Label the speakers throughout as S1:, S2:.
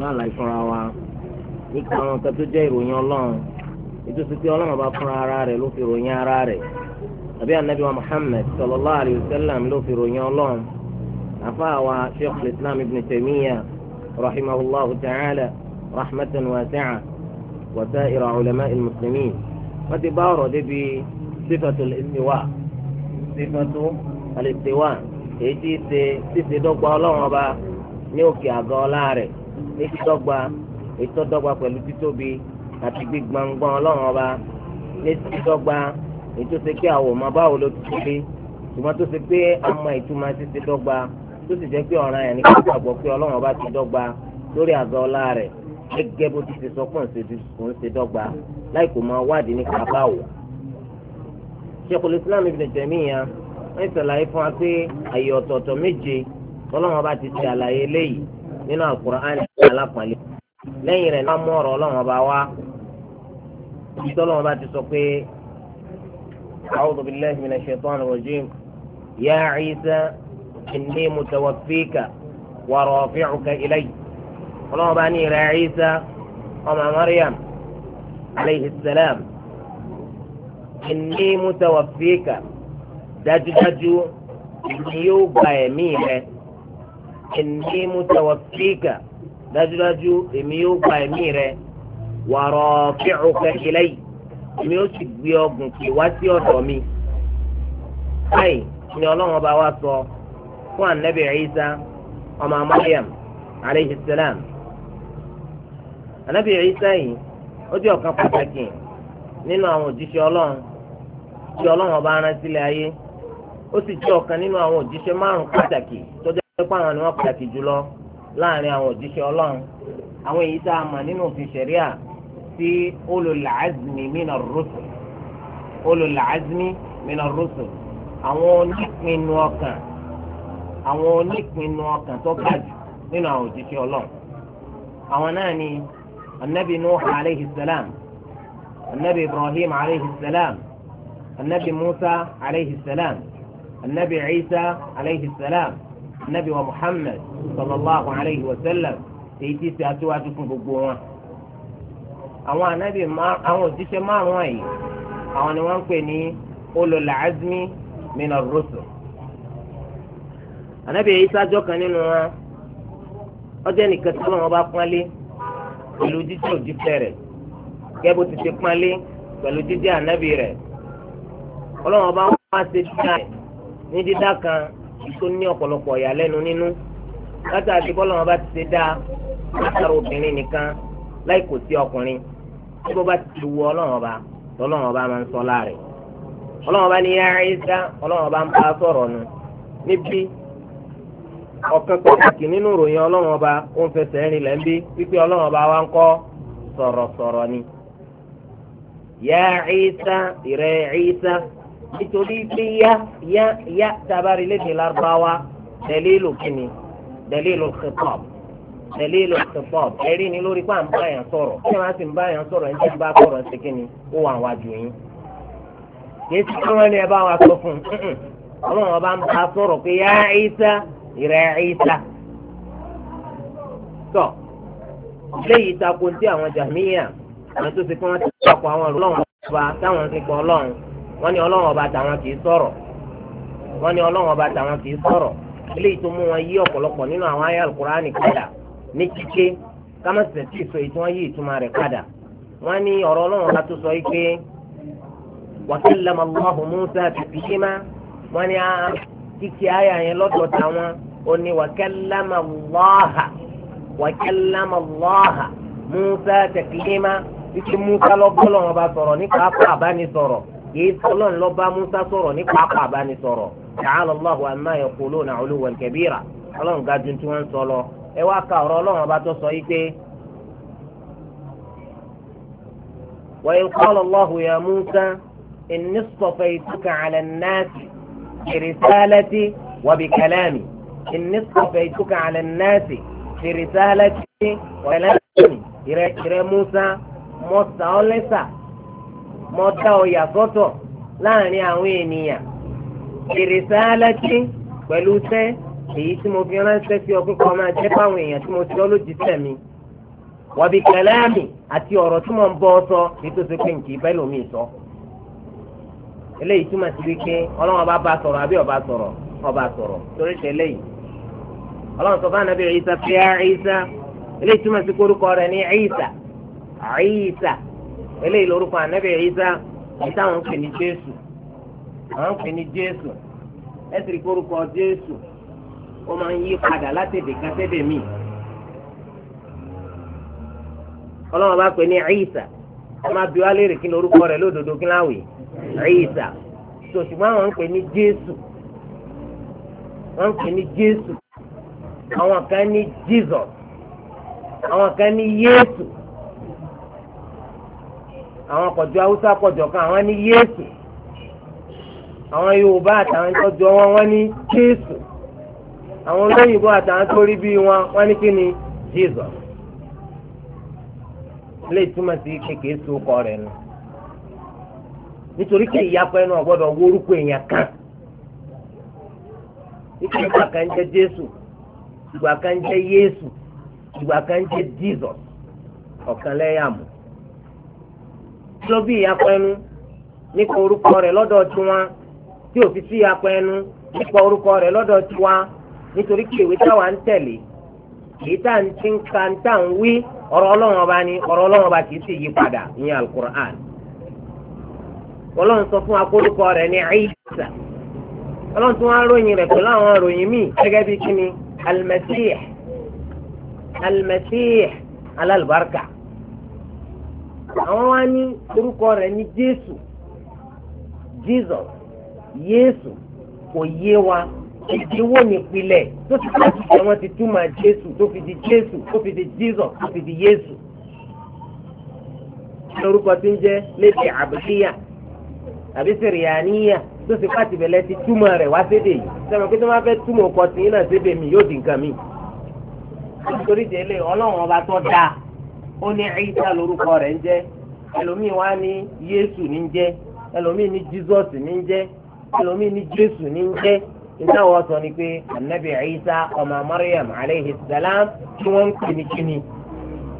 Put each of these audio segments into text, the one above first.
S1: náà láì fúnra wa nípa àwọn kan tó jẹ́ ìròyìn ọlọ́run nítorí pé ọlọ́run bá fúnra ara rẹ̀ ló fi ròyìn ara rẹ̀ àbí anabi wa muhammed sallallahu alayhi wa sallam ló fi ròyìn ọlọ́run afa wa sheikh islam ibn taymiya rahimahullah ta'ala rahmatan wasi'a wa sa'ira ulama al-muslimin wọ́n ti bá ọ̀rọ̀ débi sífàtú al-istiwa sífàtú al-istiwa èyí tí í ṣe ṣíṣe dọ́gba ọlọ́run ọba ní òkè àgọ́ ọlá rẹ̀ ní dídọ́gba ètò dọ́gba pẹ̀lú títóbi àti gbígbọ̀ngbọ̀n ọlọ́run ọba ní dídọ́gba ètò ṣe pé àwọn ọmọ báwo ló ti tóbi ṣùgbọ́n tó ṣe pé ọmọ ìtumọ̀ ti ti dọ́gba tó sì jẹ́ pé ọ̀ràn yẹn ní kí wọ́n gbọ́ pé ọlọ́run ọba ti dọ́gba lórí àgọ́ ọlá rẹ̀ gẹ́gẹ́ bó ti ṣe sọ pé òun ṣe dọ́gba láì kò máa wádìí nípa báwo. Sheikhul Islam Ibn Taymiyyah ń ṣàlàyé fún wa pé àyè ọ̀tọ̀ọ̀tọ̀ méje ọlọ́run ọba ti ṣe àlàyé léyìí nínú àkùránì alápọ̀nlé lẹ́yìn rẹ̀ náà mú ọ̀rọ̀ ọlọ́run ọba wá ìjọ ọlọ́run ọba ti sọ pé a'udhu billahi minash shaitani rajim ya Isa inni mutawaffika wa rafi'uka ilayya ọlọ́run ọba ní ìrẹ̀ Isa ọmọ Maryam alayhi salam inni mutawaffika dájúdájú ni yóò gba ẹ̀mí rẹ̀. inni mutawaffika dájúdájú èmi yóò gba ẹ̀mí rẹ wa rafi'uka ilay èmi yóò sì gbé ọgùn kì wá sí ọ̀dọ̀ mi. báyìí ni ọlọ́run ọba wa sọ fún anabi Isa ọmọ Maryam aleyhi anabi Isa yìí ó jẹ́ ọ̀kan pàtàkì nínú àwọn òjíṣẹ́ ọlọ́run tí ọlọ́run ọba rán sílẹ̀ ayé ó sì jẹ́ ọ̀kan nínú àwọn òjíṣẹ́ márùn-ún pàtàkì tó pẹ́pẹ́ àwọn ni wọ́n pàtàkì jùlọ láàrin àwọn òjíṣẹ́ ọlọ́run àwọn èyí tá a mọ̀ nínú òfin ṣẹ̀ríà sí ulul azmi minar rusul ulul azmi minar rusul àwọn onípinnu ọkàn àwọn onípinnu ọkàn tó ga jù nínú àwọn òjíṣẹ́ ọlọ́run àwọn náà ni anabi nuh alayhi salam anabi ibrahim alayhi salam anabi musa alayhi salam anabi isa alayhi salam nabi wa muhammed sallallahu alayhi wa sallam èyí tí ṣe aṣíwájú fún gbogbo wọn. àwọn anabi àwọn òjíṣẹ́ márùn-ún àyè àwọn ni wọ́n ń pè ní ulul azmi minar rusul. anabi èyí sájọ́ kan nínú wọn ọjọ́ nìkan tí wọ́n bá pọ́nlé pẹ̀lú jíjẹ́ òjíṣẹ́ rẹ̀ kẹ́bù ti ṣe pọ́nlé pẹ̀lú jíjẹ́ anabi rẹ̀ ọlọ́wọ́n bá wọ́n wá ṣe dídá ní dídá kan tó ní ọ̀pọ̀lọpọ̀ ìyàlẹ́nu nínú látàrí bọ́lá wọn bá ti ṣe dáa látàrí obìnrin nìkan láì kò sí ọkùnrin tí bó bá ti ti wu ọlọ́wọ́n bá lọ́lọ́wọ́n bá máa ń sọ láàrin ọlọ́wọ́n bá ní yá ẹ́sà ọlọ́wọ́n bá ń bá sọ̀rọ̀ nu níbi ọ̀kan pàtàkì nínú ìròyìn ọlọ́wọ́n bá ó ń fẹsẹ̀ rìn lẹ́ńbí wípé ọlọ́wọ́n bá wá ń kọ́ sọ̀rọ̀sọ̀rọ̀ ni yá ẹ́sà ìrẹ́ ẹ́sà nítorí pé yá yá yá tabari lédè lárúbáwá dalilu kìíní dalilu khitab dalilu khitab ẹ̀rí ni lórí pa ń bá yàn sọ̀rọ̀ ṣé wàá sì ń bá yàn sọ̀rọ̀ ẹni tí ń bá sọ̀rọ̀ ṣe kìíní ó wà wájú yín kìí sí kí wọ́n ní ẹ bá wa sọ fún un ọlọ́run ọba ń bá sọ̀rọ̀ pé yá Ìsá ìrẹ́ Ìsá tọ̀ léyìí takò àwọn jàmíyà àwọn tó ti kí wọ́n ti takò àwọn ọlọ́run ọba táwọn ti kọ ọlọ́run wọ́n ní ọlọ́run ọba tàwọn kì í sọ̀rọ̀ wọ́n ní ọlọ́run ọba tàwọn kì í sọ̀rọ̀ eléyìí tó mú wọn yí ọ̀pọ̀lọpọ̀ nínú àwọn ayé alukurani padà ní kíké kámẹ́sẹ̀ tí ìsọ èyí tí wọ́n yí ìtumọ̀ rẹ̀ padà wọ́n ní ọ̀rọ̀ ọlọ́run ọba tó sọ yìí pé wa kallama Allahu Musa taklima wọ́n ní kíké ayé yẹn lọ́dọ̀ táwọn ó ní wa kallama Allaha wa kallama Allaha Musa taklima Musa lọ́gbọ́lọ́run ọba sọ̀rọ̀ nípa kìí sọlọ́n lọ bá Musa sọ̀rọ̀ ní pápá àbánisọ̀rọ̀ ta'ala Allahu amma yaquluna 'uluwan kabira ọlọ́run ga ju tí wọ́n ń sọ lọ ẹ wá ka ọ̀rọ̀ ọlọ́run ọba tó sọ yìí pé wa in qala Allahu ya Musa inni istafaytuka 'ala an-nasi bi risalati wa bi kalami inni istafaytuka 'ala an-nasi bi ìrẹ mọ dá ọ yàgọ́tọ̀ láàrin àwọn ènìyàn ìrìsà alájí pẹ̀lú sẹ́ èyí tí mo fi ránṣẹ́ sí ọkùnrin kan máa fáwọn èèyàn tí mo ti wàbí àti mo ń sọ nítorí pé nǹkan ìbẹ́ lómi sọ. eléyìí túmọ̀ sí wípé ọlọ́run ọba bá sọ̀rọ̀ ọba sọ̀rọ̀ ọba sọ̀rọ̀ torí ọlọ́run sọ eléyìí túmọ̀ sí rẹ̀ ní eléyìí lórúkọ ànábì Ìsá ìsá àwọn Jesu. pè ní Jésù àwọn pè ní Jésù ẹsìrì Jésù ó máa ń yí padà látẹ̀dẹ̀ kátẹ́dẹ̀ míì ọlọ́run bá pè ní Ìsá wọ́n máa bí léèrè kí ni orúkọ lódodo kí láwì Ìsá àwọn ń pè ní Jésù wọ́n ń pè ní Jésù àwọn kan ní àwọn kan ní àwọn kọjọ haúsá kọjọ kan àwọn ní yéésù àwọn yorùbá àtàwọn tọjọ wọn wọn ní jésù àwọn olóyìnbó àtàwọn tó rí bí wọn wọn ní kí ni jesus lè túmọ̀ sí kékeré sí ọkọ rẹ̀ nù nítorí kí ẹnu ọ̀gbọ́dọ̀ wórúkọ èèyàn kan ìgbà kan jésù ìgbà kan lọ bí ìyapọ̀ ẹnu nípa orúkọ rẹ̀ lọ́dọ̀ tiwọn tí ò fi sí ìyapọ̀ ẹnu nípa orúkọ rẹ̀ lọ́dọ̀ tiwọn nítorí kí ìwé táwa ń tẹ̀lé èyí tá à ń ti ń ka tá à ń wí ọ̀rọ̀ ọlọ́run ọba ni ọ̀rọ̀ ọlọ́run ọba kìí sì yí padà ní alukur'an ọlọ́run sọ fún akórúkọ rẹ̀ ní Ìsá ọlọ́run tí wọ́n á ròyìn rẹ̀ pẹ̀lú àwọn ròyìn míì gẹ́gẹ́ bí kíni alimẹ́síyẹ̀ alimẹ́síyẹ̀ alálùbáríkà àwọn wá ní orúkọ rẹ̀ ní jésù jesus yéésù kò yé wa èdè wo nípìnlẹ̀ tó ti tó ti jẹ́ wọ́n ti túmọ̀ jésù tó fi di jésù tó fi di jesus tó fi di yéésù lórúkọ tí ń jẹ́ lédè àbùkíyà àbí sèrìyàníyà tó ti fà tìbẹ̀lẹ̀ ti túmọ̀ rẹ̀ wá sédè yìí sẹ́wọ̀n pé tó máa fẹ́ túmọ̀ ọkọ̀ tìyín náà sédè mi yóò di nǹkan mi. nítorí délé ọlọ́run ọba tó dáa ó ní ẹ̀yíṣà lórúkọ rẹ̀ ń jẹ́ ẹlòmíì wá ní yéésù ní ń jẹ́ ẹlòmíì ní jesus ní ń jẹ́ ẹlòmíì ní jésù ní ń ni pé anabi ẹ̀yíṣà ọmọ mariam aleyhi salam tí wọ́n ń pè ní kíni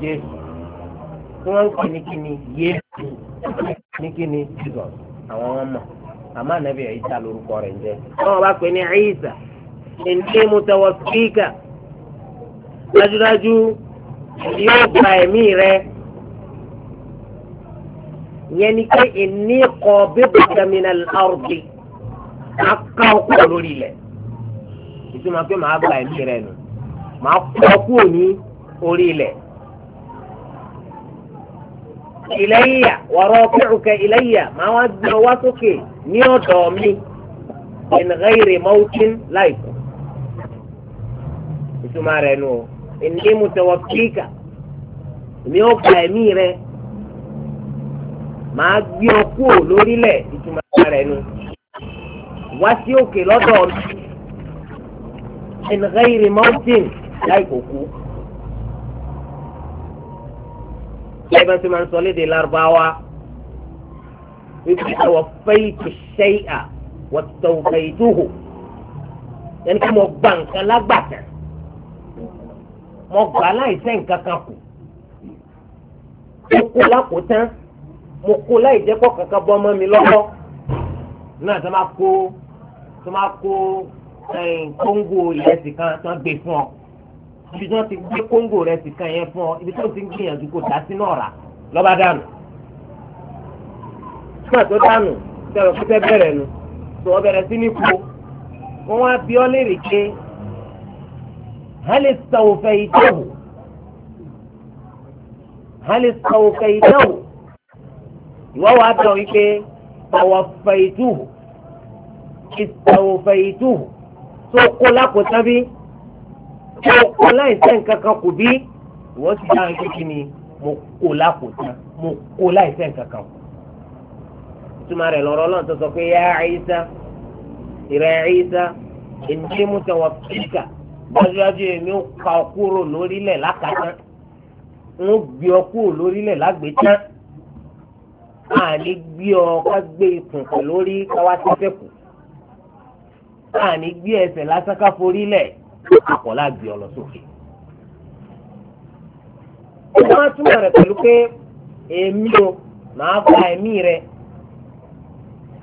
S1: jésù tí wọ́n ń pè ní kíni yéésù ní kíni jesus àwọn wọn àmọ́ anabi ẹ̀yíṣà lórúkọ rẹ̀ ń jẹ́ yóò gba ẹ̀mí rẹ yẹn ni pé ìní kọ bíbí jẹmínà ọ̀rọ̀dì aká ọkọ lórí ilẹ̀ ìtumọ̀ pé màá gba ẹ̀mí rẹ nù màá kú ọkú òní orí ilẹ̀. ìlẹ́yà wọ̀rọ̀ kíkùkẹ́ ìlẹ́yà máa wá gbé ọwá sókè ní ọ̀dọ̀ mi ìnìkẹ́ ìrè mọ́tín láìpẹ́ ìtumọ̀ rẹ̀ nù o inni mutawaffika èmi ó gba ẹ̀mí rẹ màá gbé ọ kúrò lórílẹ̀ ìtumọ̀ rẹ nu wá sí òkè lọ́dọ̀ in ghairi mautin láì kò kú. tí máa ń sọ léde lárúbáwá wípé àwọn fẹ́ẹ̀tù ṣẹ́yà wọ́n ti tọ́ fẹ́ẹ̀tù hù ẹni kí mo lágbàtà mo gbà láìsẹ́ nǹkan kan kù mo kó lákòótán mo kó láìjẹ́pọ̀ kankan bọ́ mọ́ mi lọ́wọ́ náà tó máa kó tó máa kó kóńgò ìrẹsì kan tó ń gbé fún ọ ibi tí wọ́n ti gbé kóńgò ìrẹsì kan yẹn fún ọ ibi tí wọ́n ti ń gbìyànjú kó dá sínú ọ̀rá lọ́ba dànù nígbà tó dànù sọ̀rọ̀ pípẹ́ bẹ̀rẹ̀ nu sọ̀rọ̀ bẹ̀rẹ̀ sí ní kú wọ́n wá bí ọ léèrè pé هل استوفيته هل استوفيته ìwọ́ wa tọ̀ wípé tọ̀wọ̀fẹ̀ẹ́tùhù ìtọ̀wọ̀fẹ̀ẹ́tùhù tó kó lákòótán bí tó kó láìsẹ́ nǹkan kan kù bí ìwọ́ sì dáhùn pé kí ni mo kó lákòótán mo kó láìsẹ́ nǹkan kan kù. ìtumọ̀ rẹ̀ lọ́rọ́ náà tó sọ pé yá Ìsá ìrẹ̀ Ìsá ìdí mú tọ̀wọ̀fẹ̀ẹ́kà dájúdájú èmi ń ka ọ kúrò lórílẹ̀ lákàtán ń gbé ọ kúrò lórílẹ̀ lágbètán àní gbé ọ ká gbé ikùn pẹ̀ lórí káwá sí fẹ́kù àní gbé ẹsẹ̀ lásán ká forí lẹ̀ gbé ọ lọ sókè. wọ́n á túmọ̀ rẹ̀ pẹ̀lú pé èmi o màá gba ẹ̀mí rẹ̀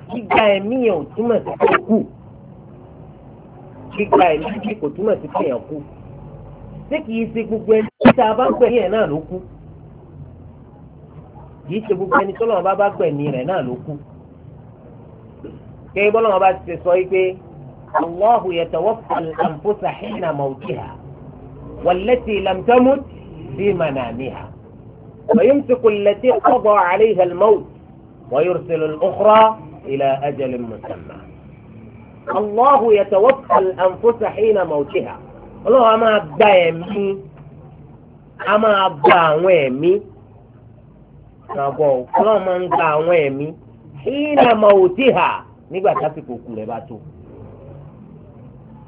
S1: gbígba ẹ̀mí yẹn ò túmọ̀ sí kókù gbígba ẹ̀mí kí kò túmọ̀ sí pé èèyàn kú ṣé kìí ṣe gbogbo ẹni tí a bá gbẹ̀mí ẹ̀ náà ló kú kìí ṣe gbogbo ẹni tọ́lọ́run bá bá gbẹ̀mí rẹ̀ náà ló kú kẹ́yìn bọ́lọ́run bá ti sọ yìí pé Allahu yatawaffa al-anfusa hina mawtiha wallati lam tamut fi manamiha ويمسك التي قضى عليها الموت ويرسل الأخرى إلى أجل مسمى Allahu yatawaffal anfusa hina mawtiha ọlọ́run a máa gba ẹ̀mí gba àwọn ẹ̀mí àgọ́ ọlọ́run máa ń gba